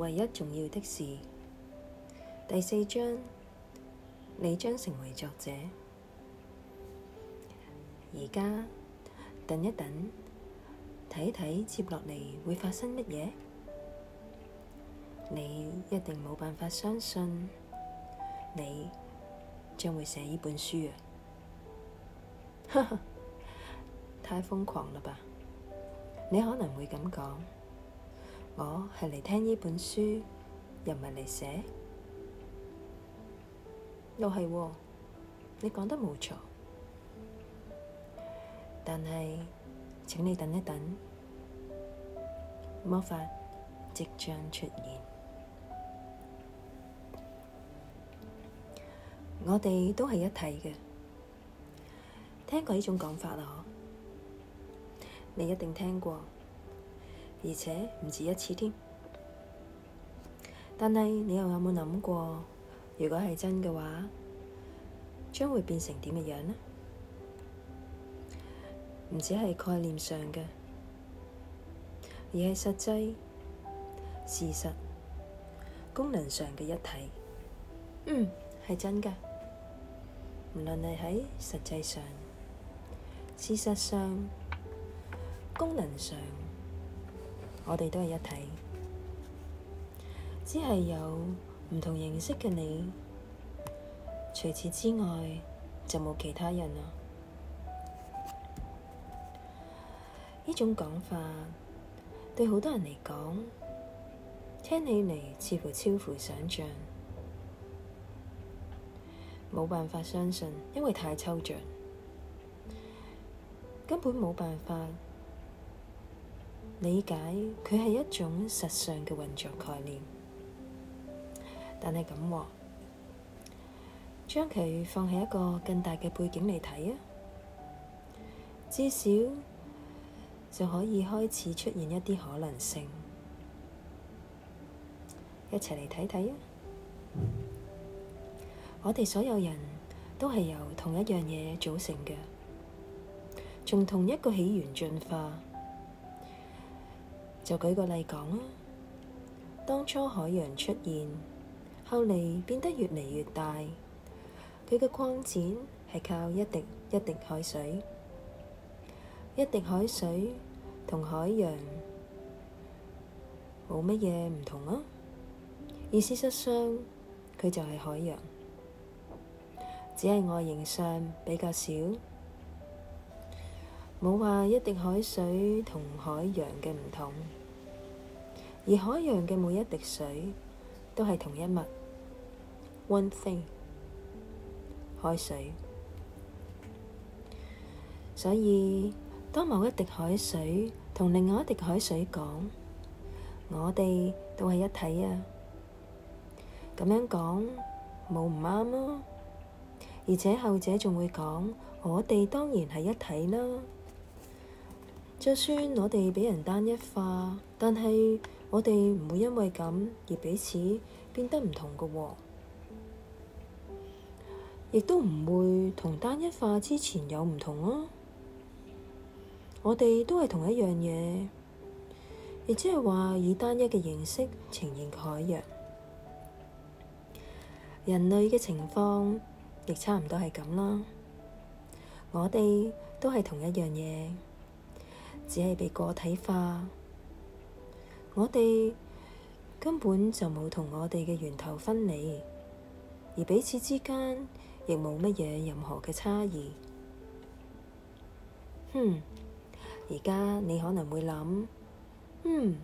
唯一重要的事，第四章，你將成為作者。而家等一等，睇睇接落嚟會發生乜嘢？你一定冇辦法相信，你將會寫呢本書啊！哈 太瘋狂了吧？你可能會咁講。我係嚟聽呢本書，又唔係嚟寫，又、哦、係、哦，你講得冇錯，但係，請你等一等，魔法即將出現，我哋都係一體嘅，聽過呢種講法啊，你一定聽過。而且唔止一次添，但係你又有冇諗過，如果係真嘅話，將會變成點嘅樣呢？唔止係概念上嘅，而係實際、事實、功能上嘅一體。嗯，係真㗎，無論係喺實際上、事實上、功能上。我哋都係一體，只係有唔同形式嘅你。除此之外，就冇其他人啦。呢種講法對好多人嚟講，聽起嚟似乎超乎想象，冇辦法相信，因為太抽象，根本冇辦法。理解佢係一種實上嘅運作概念，但係咁將佢放喺一個更大嘅背景嚟睇啊，至少就可以開始出現一啲可能性。一齊嚟睇睇啊！我哋所有人都係由同一樣嘢組成嘅，從同一個起源進化。就舉個例講啦、啊，當初海洋出現，後嚟變得越嚟越大，佢嘅擴展係靠一滴一滴海水，一滴海水同海洋冇乜嘢唔同啊，意思上佢就係海洋，只係外形上比較少，冇話一滴海水同海洋嘅唔同。而海洋嘅每一滴水都係同一物，one thing，海水。所以當某一滴海水同另外一滴海水講，我哋都係一體啊！咁樣講冇唔啱咯，而且後者仲會講我哋當然係一體啦、啊。就算我哋畀人單一化，但係我哋唔會因為咁而彼此變得唔同嘅啊，亦都唔會同單一化之前有唔同啊！我哋都係同一樣嘢，亦即係話以單一嘅形式呈現海洋。人類嘅情況亦差唔多係咁啦，我哋都係同一樣嘢。只係被個體化，我哋根本就冇同我哋嘅源頭分離，而彼此之間亦冇乜嘢任何嘅差異。哼，而家你可能會諗，嗯，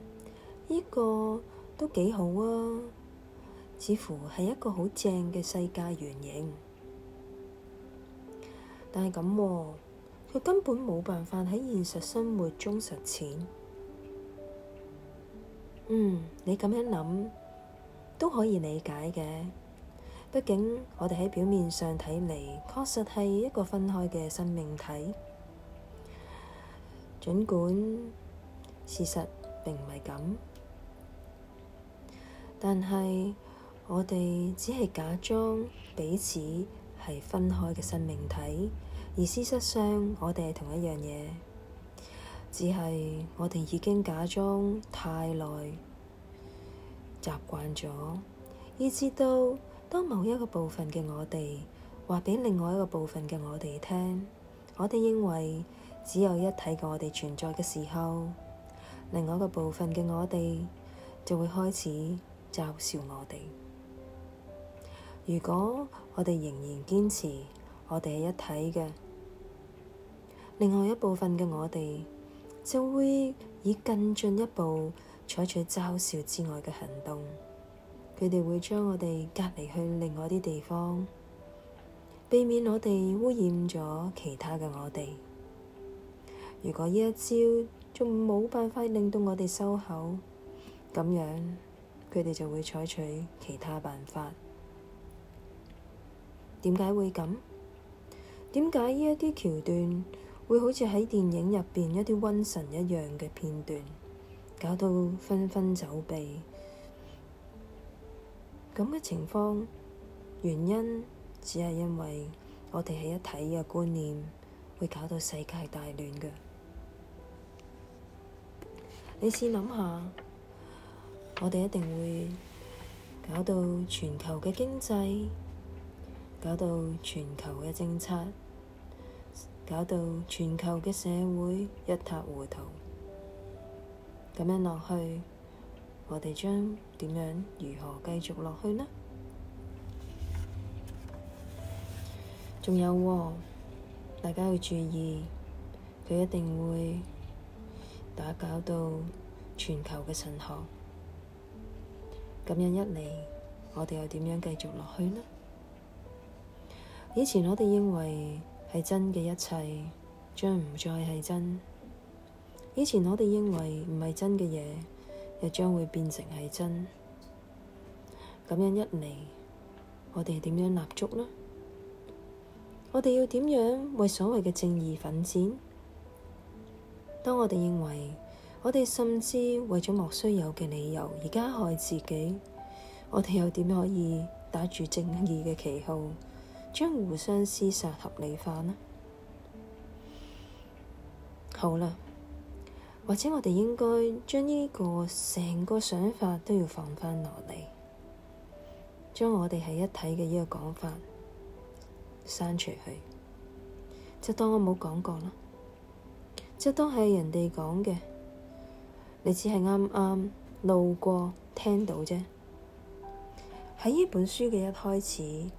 呢、這個都幾好啊，似乎係一個好正嘅世界原型。但係咁、喎。佢根本冇辦法喺現實生活中實踐。嗯，你咁樣諗都可以理解嘅。畢竟我哋喺表面上睇嚟確實係一個分開嘅生命體，儘管事實並唔係咁。但係我哋只係假裝彼此係分開嘅生命體。而事實上，我哋係同一樣嘢，只係我哋已經假裝太耐，習慣咗，以至到當某一個部分嘅我哋話畀另外一個部分嘅我哋聽，我哋認為只有一體嘅我哋存在嘅時候，另外一個部分嘅我哋就會開始嘲笑我哋。如果我哋仍然堅持我哋係一體嘅。另外一部分嘅我哋就會以更進一步採取嘲笑之外嘅行動，佢哋會將我哋隔離去另外啲地方，避免我哋污染咗其他嘅我哋。如果呢一招仲冇辦法令到我哋收口，咁樣，佢哋就會採取其他辦法。點解會咁？點解呢一啲橋段？會好似喺電影入邊一啲瘟神一樣嘅片段，搞到紛紛走避。咁嘅情況，原因只係因為我哋喺一體嘅觀念，會搞到世界大亂嘅。你先諗下，我哋一定會搞到全球嘅經濟，搞到全球嘅政策。搞到全球嘅社會一塌糊塗，咁樣落去，我哋將點樣如何繼續落去呢？仲有喎，大家要注意，佢一定會打攪到全球嘅平衡。咁樣一嚟，我哋又點樣繼續落去呢？以前我哋認為。係真嘅一切，將唔再係真。以前我哋認為唔係真嘅嘢，又將會變成係真。咁樣一嚟，我哋點樣立足呢？我哋要點樣為所謂嘅正義奮戰？當我哋認為，我哋甚至為咗莫須有嘅理由而加害自己，我哋又點可以打住正義嘅旗號？將互相廝殺合理化呢？好啦，或者我哋應該將呢個成個想法都要放翻落嚟，將我哋係一體嘅呢個講法刪除佢。就當我冇講過啦。就當係人哋講嘅，你只係啱啱路過聽到啫。喺呢本書嘅一開始。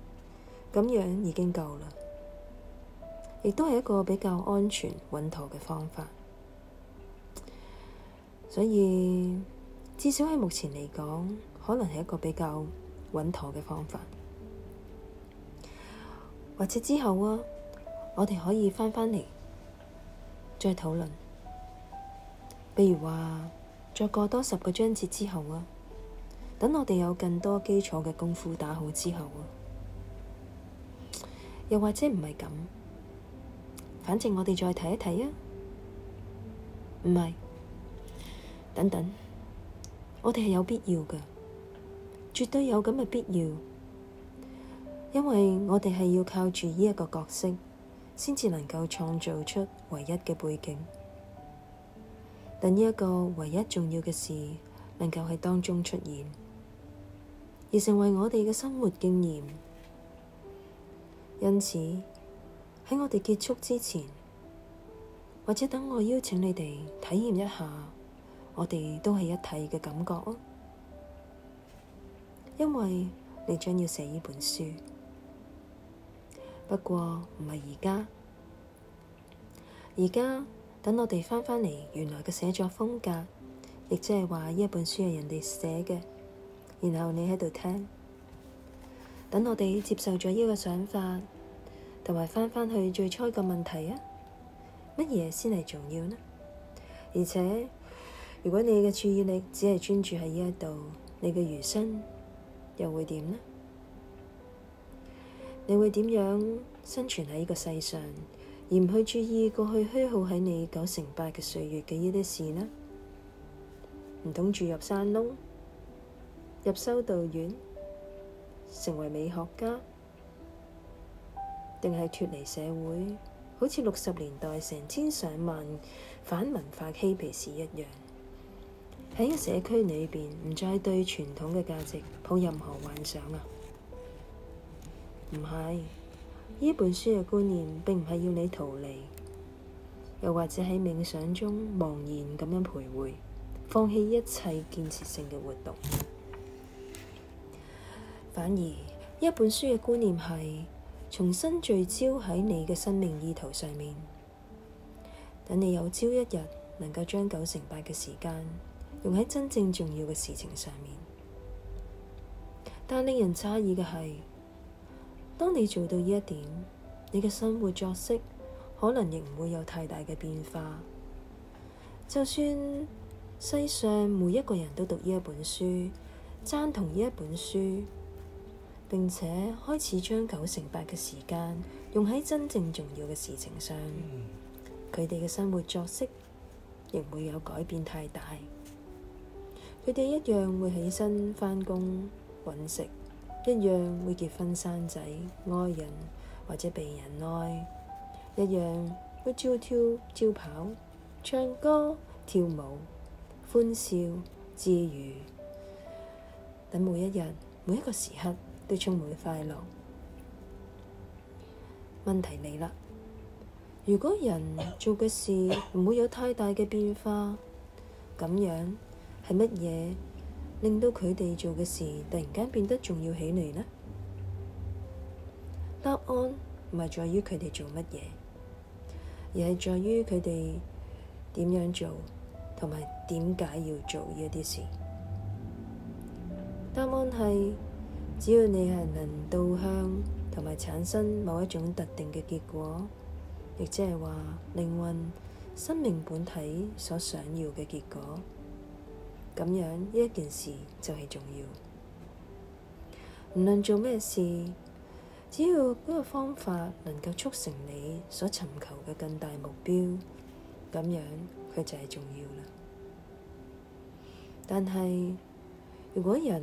咁樣已經夠啦，亦都係一個比較安全、穩妥嘅方法。所以至少喺目前嚟講，可能係一個比較穩妥嘅方法。或者之後啊，我哋可以翻返嚟再討論，譬如話再過多十個章節之後啊，等我哋有更多基礎嘅功夫打好之後啊。又或者唔係咁，反正我哋再睇一睇啊！唔係，等等，我哋係有必要嘅，絕對有咁嘅必要，因為我哋係要靠住呢一個角色，先至能夠創造出唯一嘅背景，等呢一個唯一重要嘅事，能夠喺當中出現，而成為我哋嘅生活經驗。因此喺我哋結束之前，或者等我邀請你哋體驗一下，我哋都係一體嘅感覺，因為你將要寫呢本書，不過唔係而家，而家等我哋翻返嚟原來嘅寫作風格，亦即係話呢一本書係人哋寫嘅，然後你喺度聽。等我哋接受咗呢個想法，同埋返返去最初個問題啊，乜嘢先係重要呢？而且如果你嘅注意力只係專注喺呢一度，你嘅餘生又會點呢？你會點樣生存喺呢個世上，而唔去注意過去虛耗喺你九成八嘅歲月嘅呢啲事呢？唔通住入山窿，入修道院？成為美學家，定係脫離社會？好似六十年代成千上萬反文化嬉皮士一樣，喺個社區裏邊唔再對傳統嘅價值抱任何幻想啊！唔係，呢本書嘅觀念並唔係要你逃離，又或者喺冥想中茫然咁樣徘徊，放棄一切建設性嘅活動。反而一本書嘅觀念係重新聚焦喺你嘅生命意圖上面，等你有朝一日能夠將九成八嘅時間用喺真正重要嘅事情上面。但令人詫異嘅係，當你做到呢一點，你嘅生活作息可能亦唔會有太大嘅變化。就算世上每一個人都讀呢一本書，贊同呢一本書。並且開始將九成八嘅時間用喺真正重要嘅事情上。佢哋嘅生活作息亦唔會有改變太大。佢哋一樣會起身返工揾食，一樣會結婚生仔愛人或者被人愛，一樣會照跳照跑、唱歌、跳舞、歡笑、自如。等每一日每一個時刻，都充滿快樂。問題嚟啦，如果人做嘅事唔會有太大嘅變化，咁樣係乜嘢令到佢哋做嘅事突然間變得重要起嚟呢？答案唔係在於佢哋做乜嘢，而係在於佢哋點樣做，同埋點解要做呢一啲事。答案係。只要你係能導向同埋產生某一種特定嘅結果，亦即係話靈魂、生命本體所想要嘅結果，咁樣呢一件事就係重要。無論做咩事，只要嗰個方法能夠促成你所尋求嘅更大目標，咁樣佢就係重要啦。但係如果人，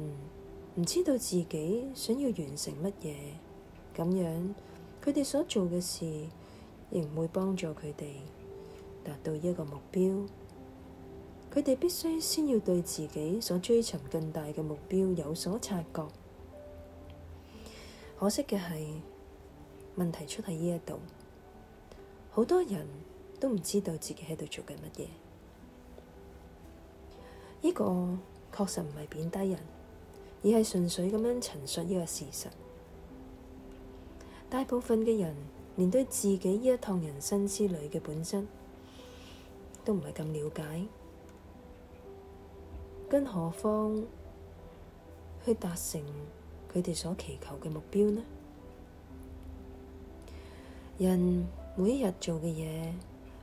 唔知道自己想要完成乜嘢，咁樣佢哋所做嘅事亦唔會幫助佢哋達到呢一個目標。佢哋必須先要對自己所追尋更大嘅目標有所察覺。可惜嘅係，問題出喺呢一度，好多人都唔知道自己喺度做緊乜嘢。呢個確實唔係貶低人。而係純粹咁樣陳述呢個事實，大部分嘅人連對自己呢一趟人生之旅嘅本質都唔係咁了解，更何況去達成佢哋所祈求嘅目標呢？人每一日做嘅嘢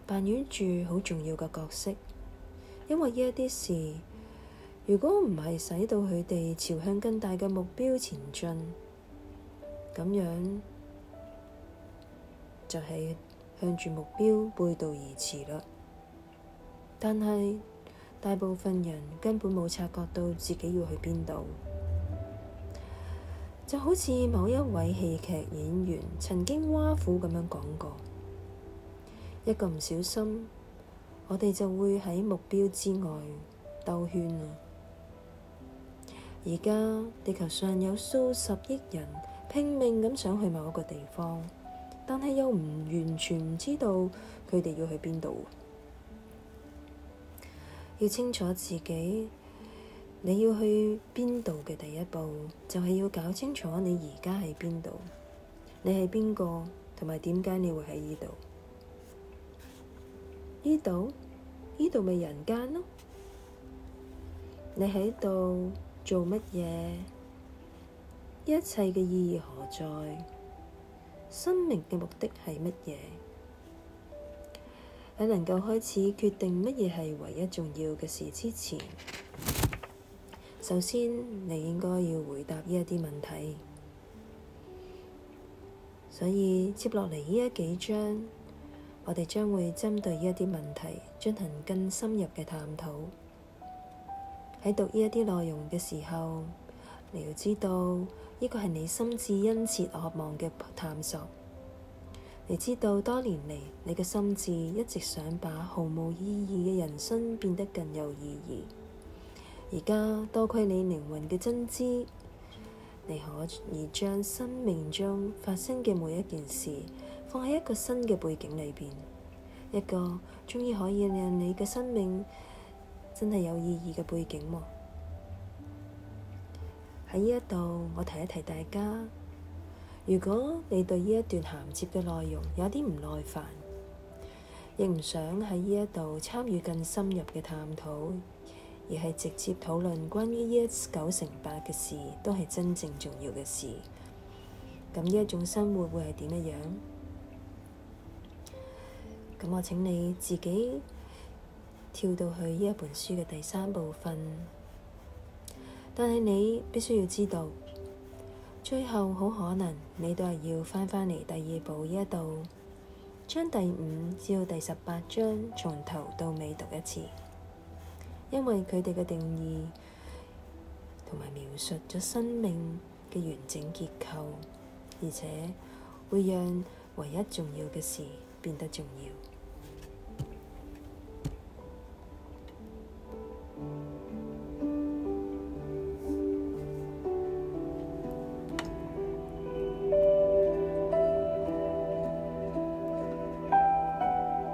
扮演住好重要嘅角色，因為呢一啲事。如果唔係使到佢哋朝向更大嘅目標前進，咁樣就係向住目標背道而馳啦。但係大部分人根本冇察覺到自己要去邊度，就好似某一位戲劇演員曾經挖苦咁樣講過：一個唔小心，我哋就會喺目標之外兜圈啦。而家地球上有數十億人拼命咁想去某一個地方，但係又唔完全唔知道佢哋要去邊度。要清楚自己你要去邊度嘅第一步，就係要搞清楚你而家喺邊度，你係邊個，同埋點解你會喺呢度？呢度呢度咪人間咯，你喺度。做乜嘢？一切嘅意義何在？生命嘅目的係乜嘢？喺能夠開始決定乜嘢係唯一重要嘅事之前，首先，你應該要回答呢一啲問題。所以接落嚟呢一幾章，我哋將會針對呢一啲問題進行更深入嘅探討。喺讀呢一啲內容嘅時候，你要知道，呢個係你心智殷切渴望嘅探索。你知道多年嚟，你嘅心智一直想把毫無意義嘅人生變得更有意義。而家多虧你靈魂嘅真知，你可以將生命中發生嘅每一件事，放喺一個新嘅背景裏邊，一個終於可以令你嘅生命真係有意義嘅背景喎、啊。喺呢一度，我提一提大家，如果你對呢一段銜接嘅內容有啲唔耐煩，亦唔想喺呢一度參與更深入嘅探討，而係直接討論關於 E S 九乘八嘅事，都係真正重要嘅事。咁呢一種生活會係點樣？咁我請你自己。跳到去呢一本書嘅第三部分，但係你必須要知道，最後好可能你都係要翻返嚟第二部呢一度，將第五至到第十八章從頭到尾讀一次，因為佢哋嘅定義同埋描述咗生命嘅完整結構，而且會讓唯一重要嘅事變得重要。